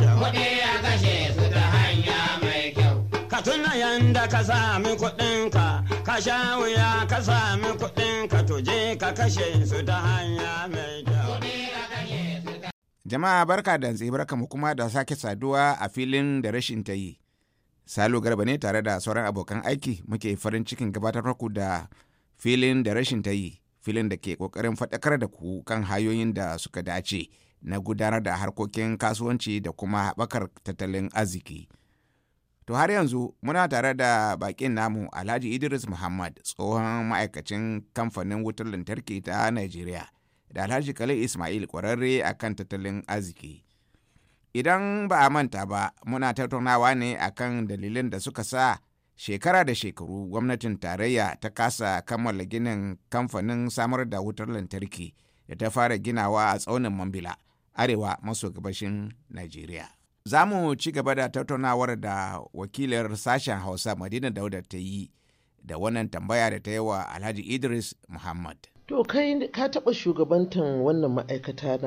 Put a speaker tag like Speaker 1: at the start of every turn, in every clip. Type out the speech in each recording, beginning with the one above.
Speaker 1: Kuɗi a kashe su ta hanya mai kyau. Ka tuna yanda ka sami kuɗinka, ka sha wuya ka sami kuɗinka tuje ka kashe su ta hanya mai kyau. Jama'a barka da barka mu kuma da sake saduwa a filin da rashin ta yi. Salo Garba ne tare da sauran abokan aiki muke farin cikin gabatar ku da filin da rashin ta yi, filin da ke ƙoƙarin faɗakar da ku kan hayoyin da suka dace. na gudanar da harkokin kasuwanci da kuma haɓakar tattalin arziki. To har yanzu muna tare da baƙin namu Alhaji Idris Muhammad tsohon ma'aikacin kamfanin wutar lantarki ta Najeriya da Alhaji Kale Ismail ƙwararre a kan tattalin arziki. Idan ba a manta ba muna tattaunawa ne akan dalilin da suka sa shekara da shekaru gwamnatin tarayya ta kasa kammala ginin kamfanin samar da wutar lantarki da ta fara ginawa a tsaunin Mambila. arewa maso gabashin Najeriya. Za mu ci gaba da tattaunawar da wakilar sashen Hausa Madina Dauda ta yi da wannan tambaya da ta yi wa Alhaji Idris Muhammad.
Speaker 2: To kai ka taɓa shugabantan wannan ma'aikata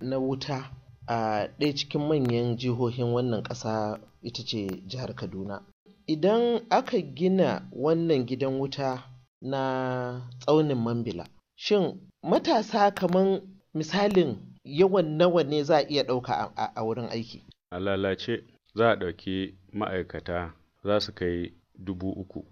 Speaker 2: na wuta a ɗaya cikin manyan jihohin wannan ƙasa ita ce jihar Kaduna. Idan aka gina wannan gidan wuta na tsaunin Mambila, shin matasa kaman misalin yawan nawa ne za a iya ɗauka a wurin aiki
Speaker 3: a lalace za a ɗauki ma'aikata za su kai dubu uku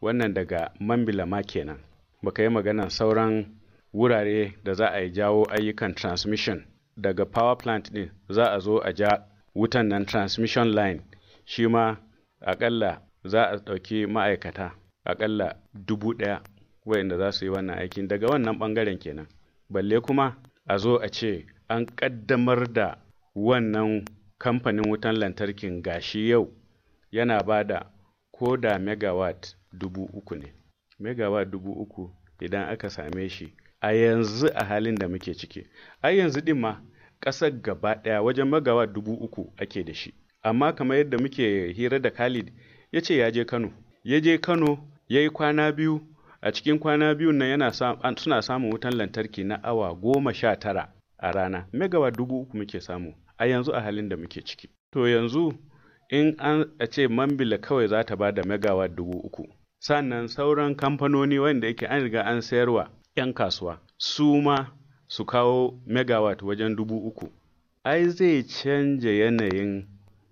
Speaker 3: wannan daga mambila ma kenan baka yi magana sauran wurare da za a yi jawo ayyukan transmission daga power plant ɗin za a zo a ja wutan nan transmission line shi ma akalla za a ɗauki ma'aikata akalla dubu ɗaya wayanda za su yi wannan aikin daga wannan ɓangaren kenan balle kuma a zo a ce an ƙaddamar da wannan kamfanin wutan lantarkin gashi yau yana ba da ko da megawatt dubu uku ne megawatt dubu uku idan aka same shi a yanzu a halin da muke ciki a yanzu din ma ƙasar gaba ɗaya wajen megawatt dubu uku ake da shi amma kamar yadda muke hira da khalid ya ce ya je kano ya je kano ya yi kwana biyu a cikin kwana biyun nan yana suna samun wutan lantarki na awa goma sha tara a rana megawa dubu uku muke samu a yanzu a halin da muke ciki to yanzu in an ce mambila kawai za ta ba da megawa dubu uku sannan sauran kamfanoni wanda yake an riga an sayarwa 'yan kasuwa su ma su kawo megawatt wajen dubu uku ai zai canja yanayin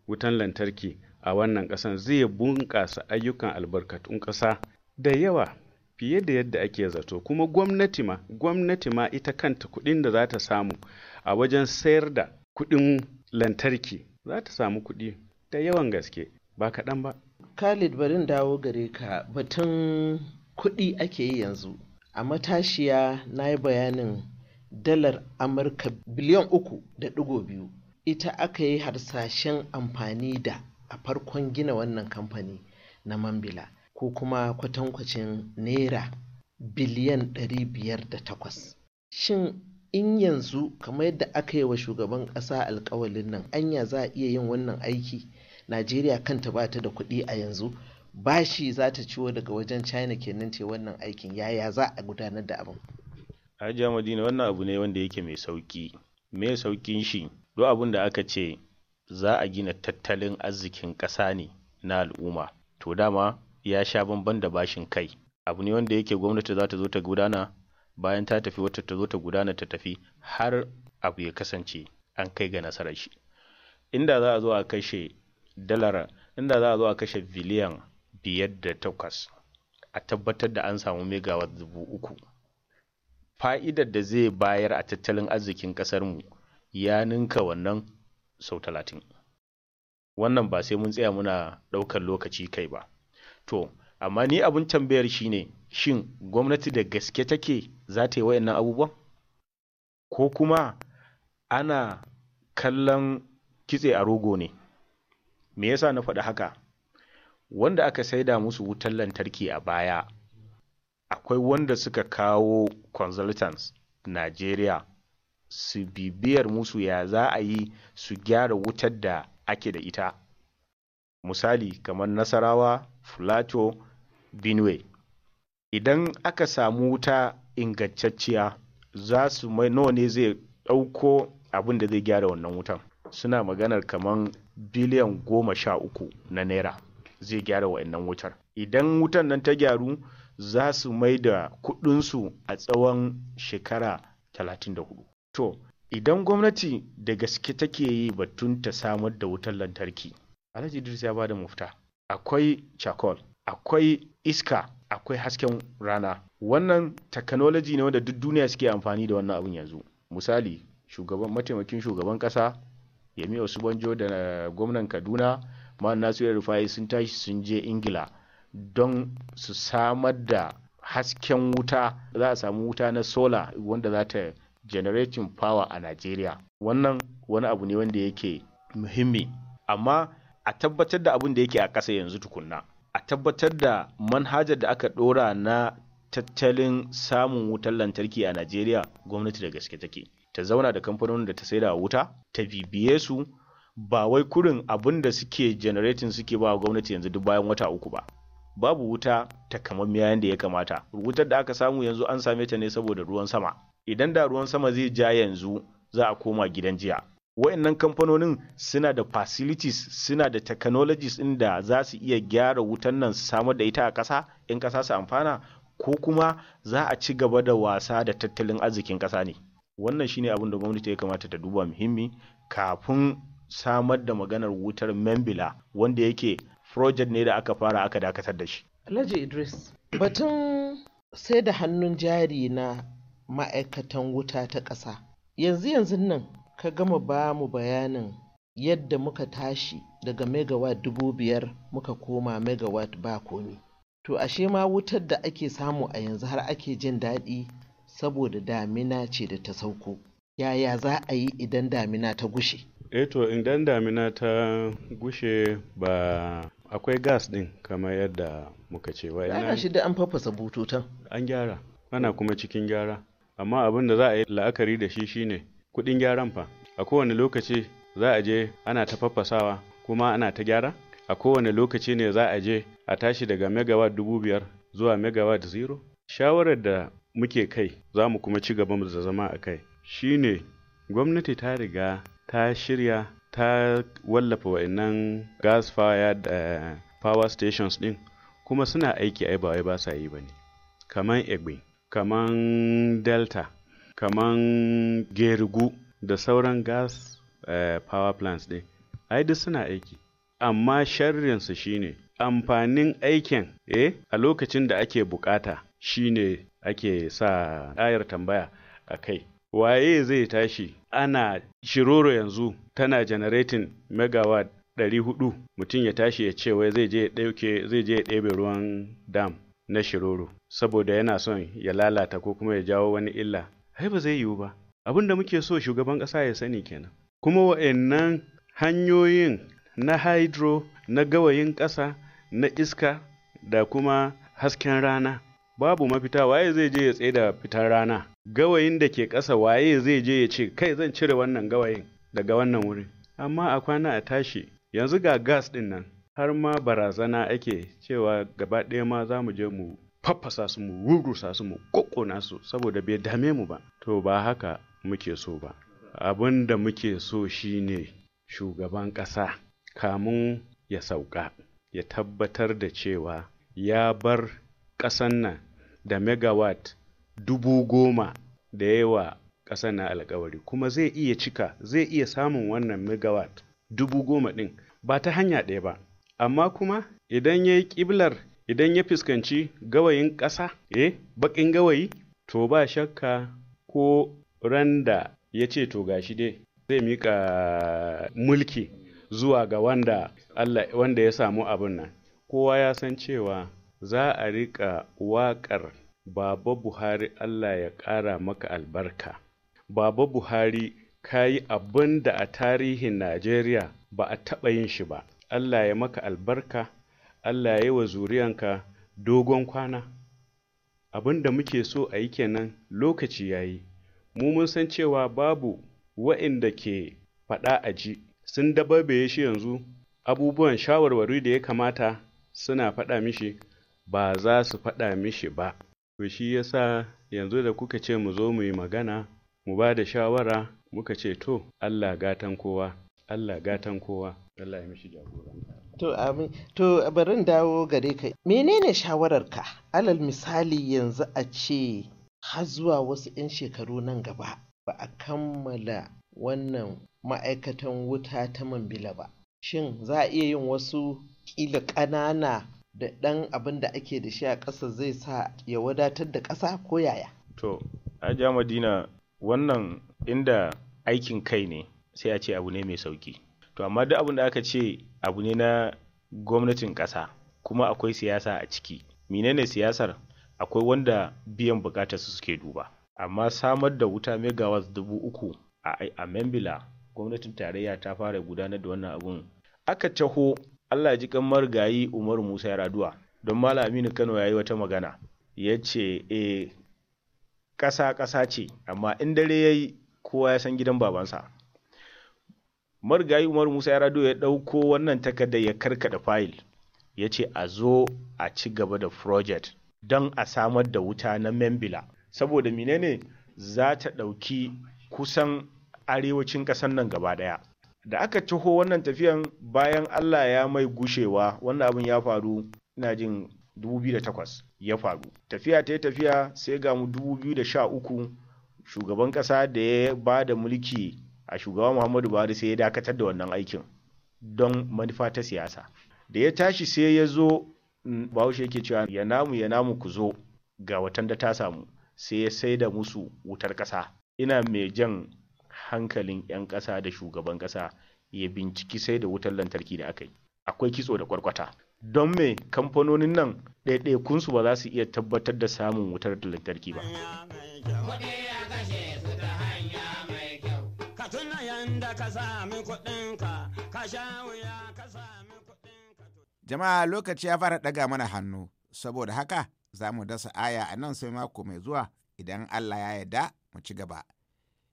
Speaker 3: wutan lantarki a wannan ƙasan zai bunƙasa ayyukan albarkatun ƙasa da yawa fiye da yadda ake zato kuma gwamnati ma gwamnati ma ita kanta kuɗin da za ta samu a wajen sayar da kuɗin lantarki
Speaker 2: za ta samu kuɗi ta yawan gaske ba kaɗan ba khalid barin dawo gare ka batun kuɗi ake yi yanzu a matashiya na yi bayanin dalar amurka biliyan uku da ɗigo biyu ita aka yi harsashen amfani da a farkon gina wannan kamfani na mambila ko kuma kwatankwacin naira biliyan ɗari biyar da 508 shin in yanzu kamar yadda aka yi wa shugaban ƙasa alkawalin nan anya za a iya yin wannan aiki najeriya kanta ba ta da kuɗi a yanzu bashi za ta ciwo daga wajen china kenan ce wannan aikin yaya za a gudanar da abin
Speaker 4: hajiya madina wannan abu ne wanda yake mai sauki mai saukin shi duk abin da aka ce za a gina tattalin arzikin ƙasa ne na al'umma to dama ya sha bamban da bashin kai abu ne wanda yake gwamnati za ta zo ta gudana bayan ta tafi wata ta zo ta gudana ta tafi har abu ya kasance an kai ga nasarar shi inda za a zo a kashe dalar inda za a zo a kashe biliyan biyar da takwas a tabbatar da an samu megawatt dubu uku fa'idar da zai bayar a tattalin arzikin ƙasarmu ya ninka wannan sau talatin wannan ba sai mun tsaya muna ɗaukar lokaci kai ba to amma ni abin tambayar shi ne, shin gwamnati da gaske take za ta yi yannan abubuwan ko kuma ana kallon kitse a rogo ne me yasa na faɗi haka wanda aka saida musu wutar lantarki a baya akwai wanda suka kawo consultants Nigeria su bibiyar musu ya za a yi su gyara wutar da ake da ita misali kamar nasarawa Filato, Binwe. Idan aka samu wuta ingantacciya za su mai nawa ne zai ɗauko abin da zai gyara wannan wutan. Suna maganar kamar biliyan goma sha uku na naira zai gyara waɗannan wutar. Idan wutan nan ta gyaru za su mai da kuɗinsu a tsawon shekara talatin da hudu. To, idan gwamnati da gaske take yi batun ta samar da wutar lantarki, Alhaji Idris ya ba da mafita. akwai charcoal akwai iska akwai hasken rana wannan technology ne wanda duk duniya suke amfani da wannan abin yanzu misali shugaban mataimakin shugaban kasa yemi osubanjo da eh, gwamnan kaduna ma'an nasiru rufai sun tashi sun je ingila don su samar da hasken wuta za a samu wuta na sola wanda za ta generating power a Najeriya. Wannan wani abu ne wanda yake muhimmi. Amma a tabbatar da abin da yake a ƙasa yanzu tukunna a tabbatar da manhajar da aka ɗora na tattalin samun wutar lantarki a najeriya gwamnati da gaske take ta zauna da kamfanonin da ta saida wuta ta bibiye su ba wai kurin abin da suke generating suke ba gwamnati yanzu duk bayan wata uku ba babu wuta miya yadda ya kamata wutar da aka samu yanzu an same ta ne saboda ruwan sama idan da ruwan sama zai ja yanzu za a koma gidan jiya wayannan kamfanonin suna da facilities suna da technologies inda za su iya gyara wutan nan su samar da ita a ƙasa in ƙasa su amfana ko kuma za a ci gaba da wasa da tattalin arzikin ƙasa ne wannan shine abin da gwamnati ya kamata ta duba muhimmi kafin samar da maganar wutar membila wanda yake project ne da aka fara aka dakatar da shi
Speaker 2: alhaji idris batun sai da hannun jari na ma'aikatan wuta ta ƙasa yanzu yanzu nan ka gama ba mu bayanin yadda muka tashi daga megawatt dubu biyar muka koma megawatt ba komi to ashe ma wutar da ake samu a yanzu har ake jin daɗi saboda damina ce da ta sauko yaya za a yi idan damina ta gushe
Speaker 3: eh to idan damina ta gushe ba akwai gas din kamar yadda muka ce wa ina shi
Speaker 2: da an fafasa bututan an gyara ana
Speaker 3: kuma cikin gyara amma abin da za a yi la'akari da shi shine kuɗin gyaran fa a kowane lokaci za a je ana ta faffasawa kuma ana ta gyara a kowane lokaci ne za a je a tashi daga megawatt dubu biyar zuwa megawatt zero shawarar da muke kai za mu kuma ci gaba da zama a kai shine gwamnati ta riga ta shirya ta wallafa wa'annan gas fire da eh, power stations din kuma suna aiki ai ba wai ba sa yi ba ne kamar egbe kamar delta kaman gerugu da sauran gas eh, power plants ɗin ai duk suna aiki amma sharrinsu shine amfanin aikin eh a lokacin da ake bukata shine ake sa ayar tambaya a kai waye zai tashi ana shiroro yanzu tana generating megawatt ɗari huɗu. mutum ya tashi ya ce wai zai je ɗauke zai je ɗebe ruwan dam na shiroro saboda yana son ya lalata ko kuma ya jawo wani illa ai ba zai yiwu ba abin da muke so shugaban ƙasa ya sani kenan kuma wa'annan hanyoyin na hydro na gawayin ƙasa na iska da kuma hasken rana babu mafita waye zai je ya tsaye da fitar rana gawayin da ke ƙasa waye zai je ya ce kai zan cire wannan gawayin daga wannan wurin amma a kwana a tashi yanzu ga gas ɗin nan har ma barazana ake cewa gaba ɗaya ma za mu je mu faffasa su mu rugusa su mu kokkona su saboda bai dame mu ba to ba haka muke so ba abin da muke so shine shugaban ƙasa kamun ya sauka ya tabbatar da cewa ya bar ƙasan nan da megawatt dubu goma da yawa ƙasan na alkawari kuma zai iya cika zai iya samun wannan megawatt dubu goma ɗin ba ta hanya ɗaya ba amma kuma idan ya yi ƙiblar idan ya fuskanci gawayin ƙasa eh baƙin gawayi to ba shakka ko randa ya ce to gashi dai zai miƙa mulki zuwa ga wanda Allah wanda ya samu abin nan kowa ya san cewa za a riƙa waƙar Baba Buhari Allah ya ƙara maka albarka Baba Buhari ka yi abin da a tarihin Najeriya ba a taɓa yin shi ba Allah ya maka albarka Allah ya yi wa zuriyanka dogon kwana abin da muke so a yi kenan lokaci ya yi mu mun san cewa babu wa'inda ke faɗa a ji sun dababe shi yanzu abubuwan shawarwari da ya kamata suna faɗa mishi ba za su faɗa mishi ba to shi yasa yanzu da kuka ce mu zo mu yi magana mu ba da shawara muka ce to Allah gatan kowa Allah gatan kowa Allah ya mishi jagora
Speaker 2: To amin. To barin dawo gare ka. Menene shawararka? Alal misali yanzu a ce har zuwa wasu 'yan shekaru nan gaba ba a kammala wannan ma'aikatan wuta ta Mambila ba. Shin za a iya yin wasu ƙila ƙanana da ɗan abin da ake da shi a ƙasa zai sa ya wadatar da ƙasa ko yaya?
Speaker 4: To, Hajiya Madina wannan inda aikin kai ne sai a ce abu ne mai sauki. to amma duk abin da aka ce abu ne na gwamnatin ƙasa kuma akwai siyasa a ciki menene siyasar akwai wanda biyan bukatar su suke duba amma samar da wuta megawatt dubu uku a membila gwamnatin tarayya ta fara gudanar da wannan abun aka taho allah ji kan marigayi umaru musa ya raduwa. don malam aminu kano ya yi wata magana ya ce e ƙasa ƙasa ce amma in dare ya yi kowa ya san gidan babansa marigayi umaru musa ya rado ya ɗauko wannan takarda ya karkada fayil ya ce a zo a ci gaba da project don a samar da wuta na membila saboda menene za ta ɗauki kusan arewacin ƙasar nan gaba ɗaya da aka ciho wannan tafiyan bayan allah ya mai gushewa wannan abin ya faru ina jin 2008 ya faru tafiya ta yi tafiya sai ga mu 2013 shugaban ƙasa da ya ba da mulki a shugaba muhammadu buhari sai ya dakatar da wannan aikin don manufa ta siyasa da ya tashi sai ya zo mm, bahaushe yake cewa ya namu ya namu ku zo ga watan da ta samu sai ya sai da musu wutar ƙasa ina mai jan hankalin 'yan ƙasa da shugaban ƙasa ya binciki sai da wutar lantarki da aka yi akwai kitso da kwarkwata don me kamfanonin nan ɗaiɗaikunsu ba za su iya tabbatar da samun wutar lantarki ba.
Speaker 1: Jama'a lokaci ya fara ɗaga mana hannu, saboda haka za mu dasa aya a nan sai mako mai zuwa idan Allah ya yarda mu ci gaba.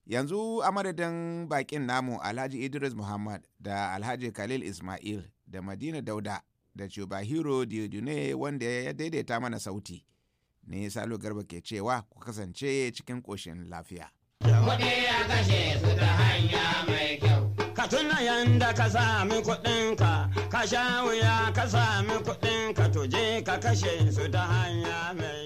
Speaker 1: Yanzu a madadin bakin namu Alhaji Idris Muhammad da Alhaji Khalil Ismail da Madina Dauda da Chubahiro Diodune wanda ya daidaita mana sauti. Ne Salo Garba ke cewa ku kasance cikin koshin lafiya. Kuɗi a kashe su ta hanya mai kyau. Ka tuna yanda ka sami kuɗinka sha wuya ka sami kuɗin ka tuje ka kashe su ta hanya mai